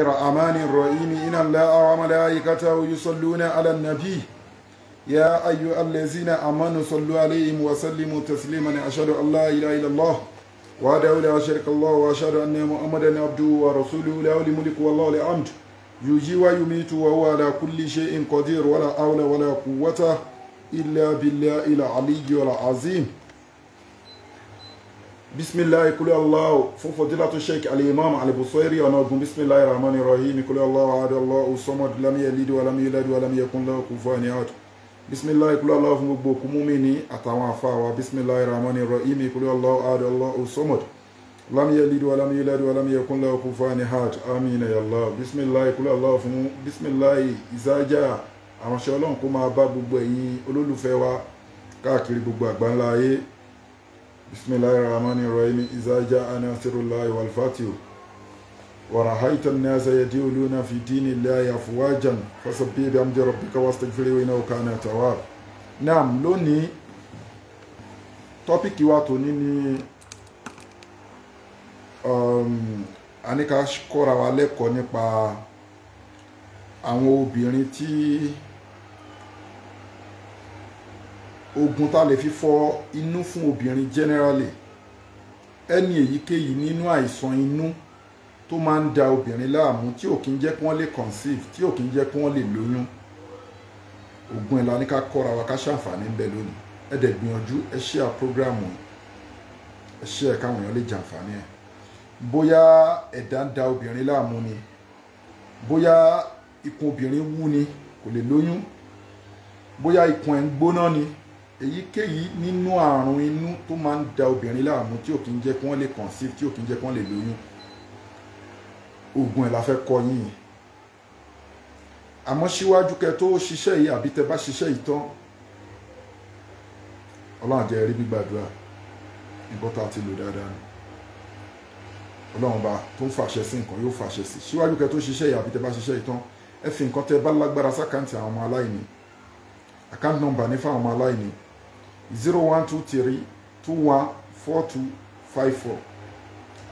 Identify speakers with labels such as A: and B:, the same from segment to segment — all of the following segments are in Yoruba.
A: الرحمن الرحيم إن الله وملائكته يصلون على النبي يا أيها الذين آمنوا صلوا عليه وسلموا تسليما أشهد أن لا إله إلا الله وحده لا شريك الله وأشهد أن محمدا عبده ورسوله ولي ملك والله الحمد يجي ويميت وهو على كل شيء قدير ولا حول ولا قوة إلا بالله العلي العظيم bisimilayi kuli allahu fún fadilatu sheikh alimam alibusoyiri ọ̀nà ogun bisimilayi rahmani rahim kuli allahu adu allahu somad lami yalidi wa lami yaladi wa lami yakun lahu kufuwani ahad bisimilayi kuli allahu fún gbogbo òkú mumini àtàwọn afáwa bisimilayi rahmani rahim kuli allahu adu allahu somad lami yalidi wa lami yaladi wa lami yakun lahu kufuwani ahad amina yallah bisimilayi kuli allahu fún bisimilayi izaja àwọn ṣe ọlọ́run kó máa bá gbogbo ẹ̀yin olólùfẹ́ wa káàkiri gbogbo àgbáńlá ayé بسم الله الرحمن الرحيم إذا جاء ناصر الله والفتح ورأيت الناس يدخلون في دين الله أفواجا فسبح بحمد ربك واستغفره إنه كان توابا naam lónìí tọ́pìkì wa tòní ni a ní ká kọ́ra wa lẹ́kọ̀ọ́ nípa àwọn obìnrin Tí oògùn tá a lè fi fọ inú fún obìnrin generally ẹni èyíkéyìí nínú àìsàn inú tó máa ń da obìnrin láàmú tí ò kí ń jẹ́ kí wọ́n lè conceive tí ò kí ń jẹ́ kí wọ́n lè lóyún oògùn ẹ̀ la ní ká kọ́ra wa ká ṣàǹfààní ńbẹ lónìí ẹ dẹ̀ gbìyànjú ẹ ṣe à program ẹ ṣe ẹ̀ káwọn èèyàn lè jàǹfààní ẹ̀ bóyá ẹ̀dá ń da obìnrin láàmú ni bóyá ikùn obìnrin wú ni kò lè lóyún bóyá ikùn ẹ̀ ń gbóná ni èyíkéyìí nínú àrùn inú tó máa ń da obìnrin láàmú tí ò kí ń jẹ́ kí wọ́n lè conceive tí ò kí ń jẹ́ kí wọ́n lè lóyún oògùn ẹ̀ la fẹ́ kọ́ yín àmọ́ síwájú kẹ tó ṣiṣẹ́ yìí àbí tẹ bá ṣiṣẹ́ yìí tán ọlọ́run jẹ́ rí gbígbàdúrà nǹkan tá a ti lò dáadáa ni ọlọ́run bá tó ń fàṣẹ sí nǹkan yóò fàṣẹ sí síwájú kẹ tó ṣiṣẹ́ yìí àbí tẹ bá ṣiṣẹ́ yìí tán ẹ fi nǹkan tẹ bá lágbára sákàǹtì àwọn ọmọ aláìní àkáǹtì nọ́mbà ní fáwọn ọmọ aláìní 0123 214254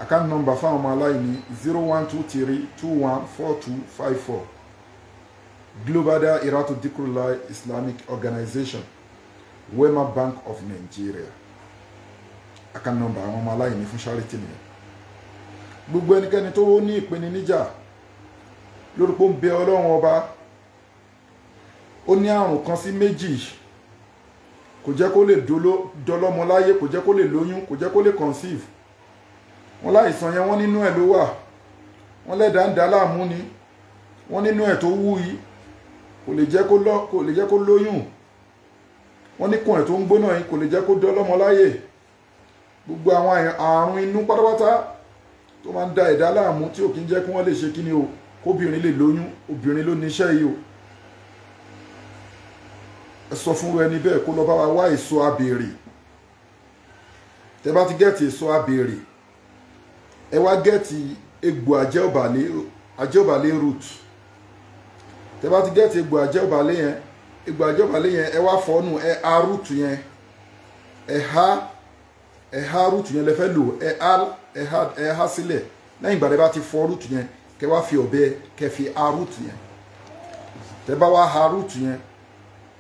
A: account number fáwọn ọmọ aláìní 0123 214254 Global Dahiratu Dhikrlahi Islamic Organization Wema Bank of Nigeria account number àwọn ọmọ aláìní fún charity nìyẹn gbogbo ẹnikẹ́ni tó ní ìpèníjà lórúkọ ń bẹ ọlọ́run ọba ó ní àrùn kan sí méjì kò jẹ́ kó lè dọlọ́mọ láyé kò jẹ́ kó lè lóyún kò jẹ́ kó lè conceive wọn láìsàn yẹn wọ́n nínú ẹ̀ ló wà wọ́n lẹ́dà ń dá láàmú ni wọ́n nínú ẹ̀ tó wú yìí kò lè jẹ́ kó lọ kò lè jẹ́ kó lóyún wọ́n níkùn ẹ̀ tó ń gbóná yìí kò lè jẹ́ kó dọlọ́mọ láyé gbogbo àwọn àrùn inú pátápátá tó máa ń da ẹ̀dá láàmú tí ò kí ń jẹ́ kí wọ́n lè ṣe kí ni o kóbìnrin lè lóyún obìnrin ló níṣẹ́ yìí o ẹ sọ fún ẹni bẹ́ẹ̀ kó lọ bá wa wá èso abèrè tẹ bá ti gẹ́ẹ̀tì èso abèrè ẹ wá gẹ́ẹ̀tì egbò àjẹ́òbálẹ̀ root tẹ bá ti gẹ́ẹ̀tì egbò àjẹ́òbálẹ̀ yẹn egbò àjẹ́òbálẹ̀ yẹn ẹ wá fọ́nù ẹ ha root yẹn ẹ ha ẹ ha root yẹn lẹ fẹ́ lò ẹ ha ẹ ha ẹ ha sílẹ̀ lẹ́yìn ìgbà tẹ bá ti fọ́ root yẹn kẹ wá fi ọ̀bẹ kẹ fi ha root yẹn tẹ bá wá ha root yẹn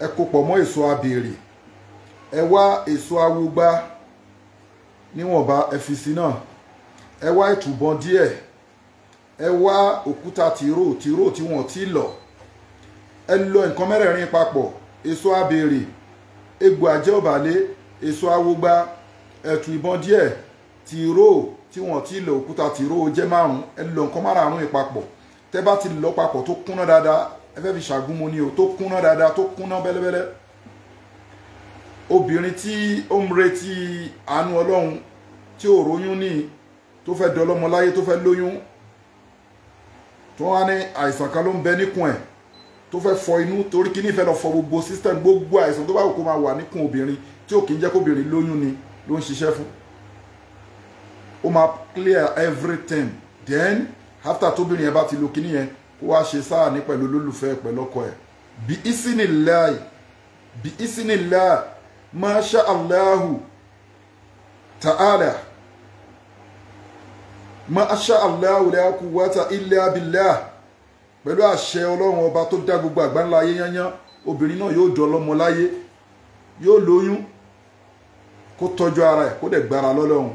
A: ẹ kó pọ̀ mọ́ èso abèrè ẹ wá èso awogba níwọ̀nba ẹ fi sí náà ẹ wá ìtùbọ̀n díẹ̀ ẹ wá òkúta tìró tìró tí wọ́n ti lọ̀ ẹ lọ nǹkan mẹ́rẹ̀ẹ̀rin papọ̀ èso abèrè egbò àjẹ́ ọ̀bàlẹ̀ èso awogba ẹ̀tù ìbọn díẹ̀ tìró tí wọ́n ti lọ̀ òkúta tìró jẹ́ márùn-ún ẹ lọ nǹkan márùn-ún papọ̀ tẹ́ bá ti lọ papọ̀ tó kúnná dáadáa ẹ fẹ́ fi ṣàgúnmu ni o tó kúnná dáadáa tó kúnná bẹ́lẹ́bẹ́lẹ́ obìnrin tí ó ń retí àánú ọlọ́run tí ò róyún ní tó fẹ́ dọlọ́mọ láyé tó fẹ́ lóyún tó wá ní àìsàn kan ló ń bẹ níkùn ẹ̀ tó fẹ́ fọ inú torí kí ní lọ fọ gbogbo system gbogbo àìsàn tó bá wù kó máa wà níkùn obìnrin tí ò kì í jẹ́ kóbìnrin lóyún ni ló ń ṣiṣẹ́ fún ó máa clear everything then after tóbìnrin yẹn bá ti lo kíní yẹn kó wá ṣe sáà ní pẹ̀lú olólùfẹ́ pẹ̀lú ọkọ ẹ̀ bí isinilayi bí isinilayi masha allahu ta'ala masha allahu la quwwata illa billah pẹ̀lú àṣẹ ọlọ́run ọba tó dá gbogbo àgbáńlá ayé yányán obìnrin náà yóò dọ́ lọ́mọ láyé yóò lóyún kó tọ́jú ara ẹ̀ kó dẹ̀ gbára lọ́lọ́run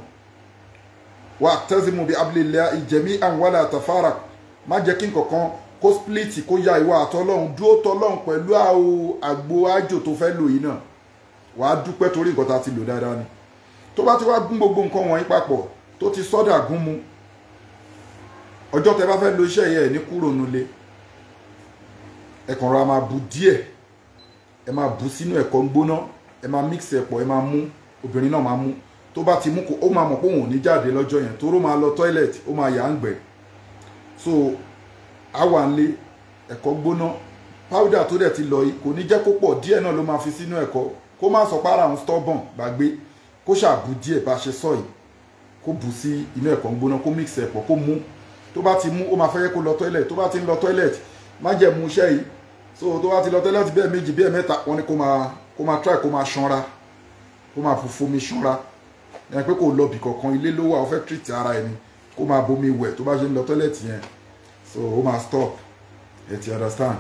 A: wa tẹ́sí mu bí abúlé ìjẹ̀mí àwọn àtàfàràkù má jẹ́ kí nǹkankan kó split kó ya ìwà àtọ́lọ́hún dúró tọ́lọ́hún pẹ̀lú àgbo ájò tó fẹ́ lò yìí náà wàá dúpẹ́ torí nǹkan tá a ti lò dáadáa ni tó bá ti wá gún gbogbo nǹkan wọ̀nyí papọ̀ tó ti sọ́dà gún mu ọjọ́ tẹ bá fẹ́ lo iṣẹ́ yẹn ní kúrò nulẹ̀ ẹ kàn ra máa bu díẹ̀ ẹ máa bu sínú ẹ̀kọ́ gbóná ẹ máa mix ẹ̀ pọ̀ ẹ máa mú obìnrin náà máa mú tó bá ti mú kó ó máa mọ̀ pé òun ò ní jáde lọ́jọ́ yẹn toró máa lọ toilet ó máa yà á ń gbẹ̀ẹ́ so àwa ń lé ẹ̀kọ́ gbóná powder tó dẹ̀ ti lọ yìí kò ní jẹ́ kó pọ̀ díẹ̀ náà ló máa fi sínú ẹ̀kọ́ kó má sọ pé ara òun stubborn gbàgbé kó ṣàbù díẹ̀ bá ṣe sọ yìí kó bù sí inú ẹ̀kọ́ gbóná kó mix ẹ̀pọ̀ kó mú tó bá ti mú ó máa fẹ́ yẹ kó lọ toilet tó bá ti ń lọ toilet má jẹ́ mu iṣẹ́ yìí so tó bá ti lọ toilet bẹ́ẹ̀ méjì bẹ́ẹ̀ mẹ́ta wọ́n ní kó máa kó máa try kó máa ṣanra kó máa funfun mi ṣanra ẹ̀ pé kò lọ bì kankan ilé ló wà fẹ́ treat ara ẹni kó máa bomi wẹ̀ tó bá ṣe ń lọ tọ́lẹ̀tì yẹn so ó máa stop ẹ understand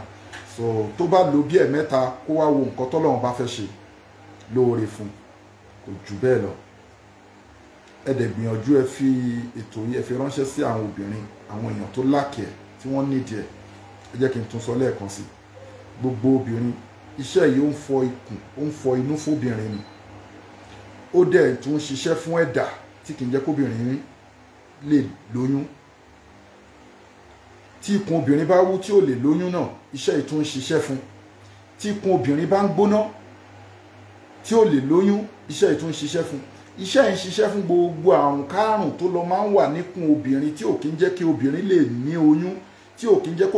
A: so tó bá lo bí ẹ̀ mẹ́ta kó wá wo nǹkan tọ́lọ́run bá fẹ́ ṣe lóore fún kò jù bẹ́ẹ̀ lọ ẹ dẹ̀ gbìyànjú ẹ fi ètò yìí ẹ fi ránṣẹ́ sí àwọn obìnrin àwọn èèyàn tó lákẹ̀ẹ́ tí wọ́n nídìí ẹ̀ ẹ jẹ́ kí n tún sọ lẹ́ẹ̀kan sí gbogbo obìnrin iṣẹ́ yìí ó ń fọ ikùn ó ń fọ inú fóbìnrin ni ó dẹ̀ tún ṣiṣẹ́ fún ẹ̀dà tí kì í jẹ́ kóbìnrin lè lóyún tí ikùn obìnrin bá wú tí ò lè lóyún náà iṣẹ́ ìtún ń ṣiṣẹ́ fún tí ikùn obìnrin bá ń gbóná tí ò lè lóyún iṣẹ́ ìtún ń ṣiṣẹ́ fún iṣẹ́ yìí ń ṣiṣẹ́ fún gbogbo àrùn kárùn tó lọ máa ń wà níkùn obìnrin tí ò kí ń jẹ́ kí obìnrin lè ní oyún tí ò kí ń jẹ́ kí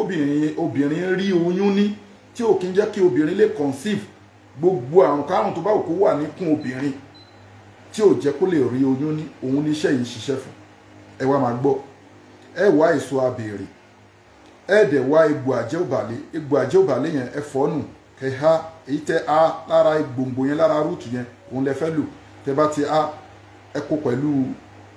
A: obìnrin rí oyún ní tí ò kí ń jẹ́ kí obìnrin lè conceive gbogbo àrùn kárùn tó bá wù kó wà níkùn obìnrin tí ò jẹ́ kó lè rí oyún ní òun níṣẹ́ yìí ń ṣiṣẹ́ fún ẹ wá máa gbọ́ ẹ wá èso abèrè ẹ dẹ̀ wá egbò àjẹ́ òbàlẹ̀ egbò àjẹ́ òbàlẹ̀ yẹn ẹ fọ́ nù kẹ ha èyí tẹ a lára gbòǹgbò yẹn lára rúùtù yẹn òun lẹ fẹ́ lò tẹ bá ti a ẹ kó pẹ̀lú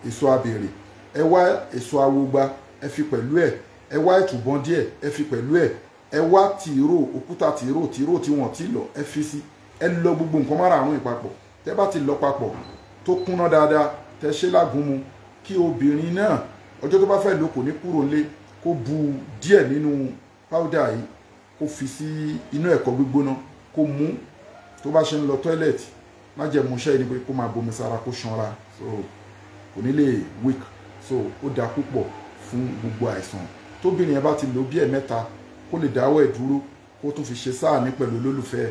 A: èso abèrè ẹ wá èso awogba ẹ fi pẹ̀lú ẹ ẹ wá ìtùbọ̀n díẹ̀ ẹ fi pẹ̀lú ẹ ẹ wá tìró òkúta tìró tìró tí wọ́n ti lọ ẹ fi sí ẹ lọ gbogbo nǹkan márààrún ìpapọ̀ tẹ bá ti lọ papọ̀ tó kúnná dáadáa tẹ ṣe lágùn mu kí obìnrin náà ọjọ́ tó bá fẹ́ lò kò ní kúrò lé kó bu díẹ̀ nínú páúdà yìí kó fi sí inú ẹ̀kọ́ gbígbóná kó mú tó bá ṣe ń lọ tọ́ẹ̀lẹ̀tì má jẹ́ mu iṣẹ́ ẹni pé kó máa bomi sára kó ṣanra so kò ní lè weak so ó da púpọ̀ fún gbogbo àìsàn tóbìnrin yẹn bá ti lò bí ẹ̀mẹ́ta kó lè dáwọ́ ẹ̀ dúró kó tún fi ṣe sáà ní pẹ̀lú olólùfẹ́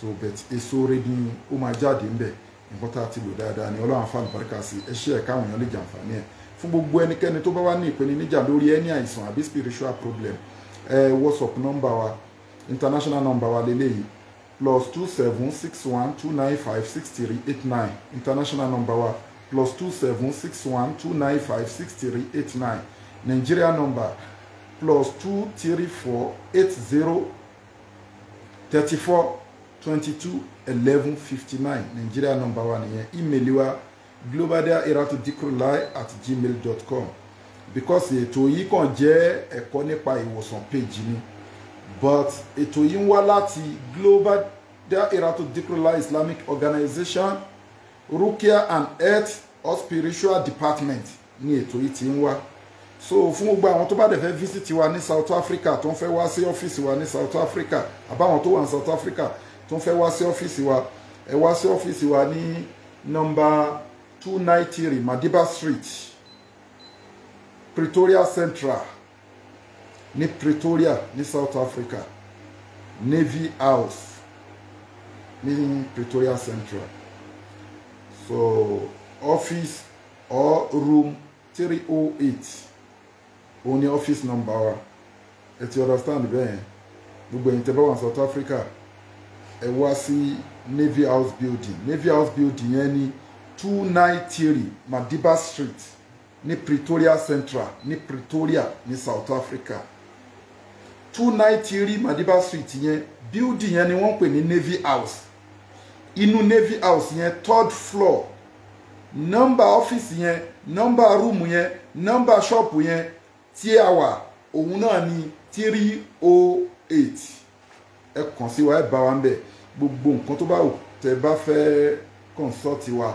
A: so bet èso rẹ ni ó máa jáde ńbẹ̀ nǹkan tá a ti lò dáadáa ni ọlọ́run àǹfààní bàríkà sí ẹ ṣe ẹ̀ka àwọn èèyàn lè jàǹfààní ẹ̀ fún gbogbo ẹnikẹ́ni tó bá wà ní ìpèníjà lórí ẹni àìsàn àbí spiritual problem ẹ whatsapp nọ́mbà wa international nọ́mbà wa lélẹ́yìí plus two seven six one two nine five six three eight nine international nọ́mbà wa plus two seven six one two nine five six three eight nine Nigeria nọ́mbà plus two three four eight zero thirty four twenty two eleven fifty nine nàìjíríà nọ́mbà wa nìyẹn ímeèlì wa at gmail dot com because ètò yìí kàn jẹ́ ẹ̀kọ́ nípa ìwòsàn page ni but ètò yìí ń wá láti global dahiratudikrulai islamic organization rukia and health or spiritual department ni ètò yìí ti ń wá so fún gbogbo àwọn tó bá dẹ̀ fẹ́ visit wa ní south africa tó ń fẹ́ wá sí ọ́fíìsì wa ní south africa àbáwọn tó wà ní south africa tó ń fẹ́ wá sí ọ́fíìsì wa ẹ wá sí ọ́fíìsì wa ní nọ́mbà two nine three Madiba Street Pretoria Central ní Pretoria ní South Africa Navy House ní Pretoria Central so office or room three O oh eight òun ni office number wa ẹ ti understand bẹ́ẹ̀ gbogbo ẹ̀yin tẹ́ bá wà South Africa ẹ wá sí navy house building navy house building yẹn ní two nine theory madiba street ní pretoria central ní pretoria ní south africa two nine theory madiba street yẹn building yẹn ni wọ́n pè ní navy house inú navy house yẹn third floor number office, yẹn nọ́mbà rúùmù yẹn nọ́mbà ṣọ́ọ̀pù yẹn tí òun náà ní three oh eight ẹ kàn sí wa ẹ bá wa ń bẹ gbogbo nǹkan tó bá wù tẹ bá fẹ́ consult wa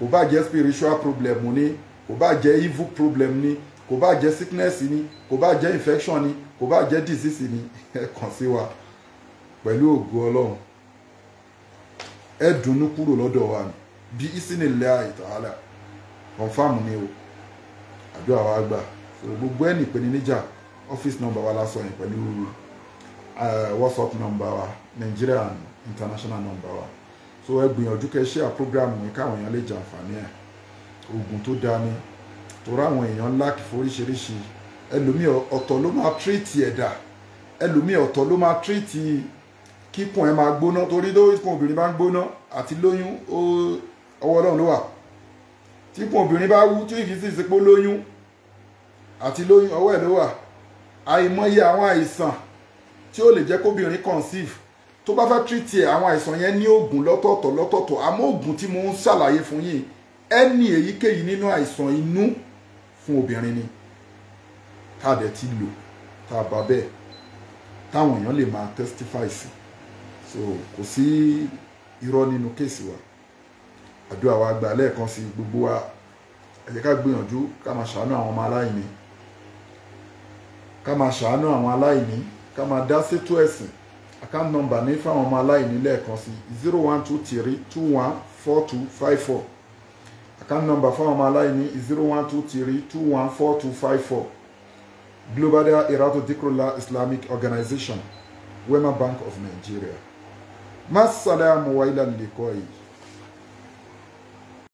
A: kò bá jẹ́ spiritual problem ni kò bá jẹ́ evil problem ni kò bá jẹ́ sickness ni kò bá jẹ́ infection ni kò bá jẹ́ disease ni ẹ kàn sí wa pẹ̀lú ògo ọlọ́run ẹ dùnnú kúrò lọ́dọ̀ wa ni bí ìsínilẹ̀ àìtàhálà confam ni o àjọ àwa gbà gbogbo ẹnì pé ní níjà ọ́fíìsì nọ́mbà wa la sọ yẹn pẹ̀lú Uh, whatsapp number wa nigeria and international number wa so ẹ gbìyànjú kẹ́ share program yìí káwọn èèyàn lè jẹ àǹfààní ẹ̀ oògùn tó dáa ni torí àwọn èèyàn ńlá kì foríṣiríṣi ẹlòmíì ọ̀tọ̀ ló máa tírètì ẹ̀dà ẹlòmíì ọ̀tọ̀ ló máa tírètì kíkùn ẹ̀ máa gbóná torí tó kíkùn obìnrin bá ń gbóná àti lóyún ọwọ́ ọlọ́run ló wà tíkùn obìnrin bá wú tí kì í sì sí pé lóyún àti lóyún ọwọ́ ẹ̀ ló wà àìmọye àwọn àìsàn tí ó lè jẹ́ kóbìnrin conceive tó bá fẹ́ treat ẹ̀ àwọn àìsàn yẹn ní oògùn lọ́tọ̀ọ̀tọ̀ lọ́tọ̀ọ̀tọ̀ àmọ́ oògùn tí mo ń ṣàlàyé fún yín ẹni èyíkéyìí nínú àìsàn inú fún obìnrin ni tá a dẹ̀ ti lò tá a bá bẹ́ẹ̀ táwọn èèyàn lè máa testify sí so kò sí irọ́ nínú kéèsì wa àdúrà wa gbà lẹ́ẹ̀kan sí gbogbo wa ẹ ká gbìyànjú ká máa ṣàánú àwọn ọmọ aláìní ká máa ṣàánú àwọn aláìní ká máa dá sétò ẹ̀sìn account number ní fáwọn ọmọ aláìní lẹ́ẹ̀kan sí zero one two three two one four two five four account number fáwọn ọmọ aláìní zero one two three two one four two five four Global Dahiratu Dhikrlahi Islamic Organization Wema Bank of Nigeria. Massalamu wa ilal liqai.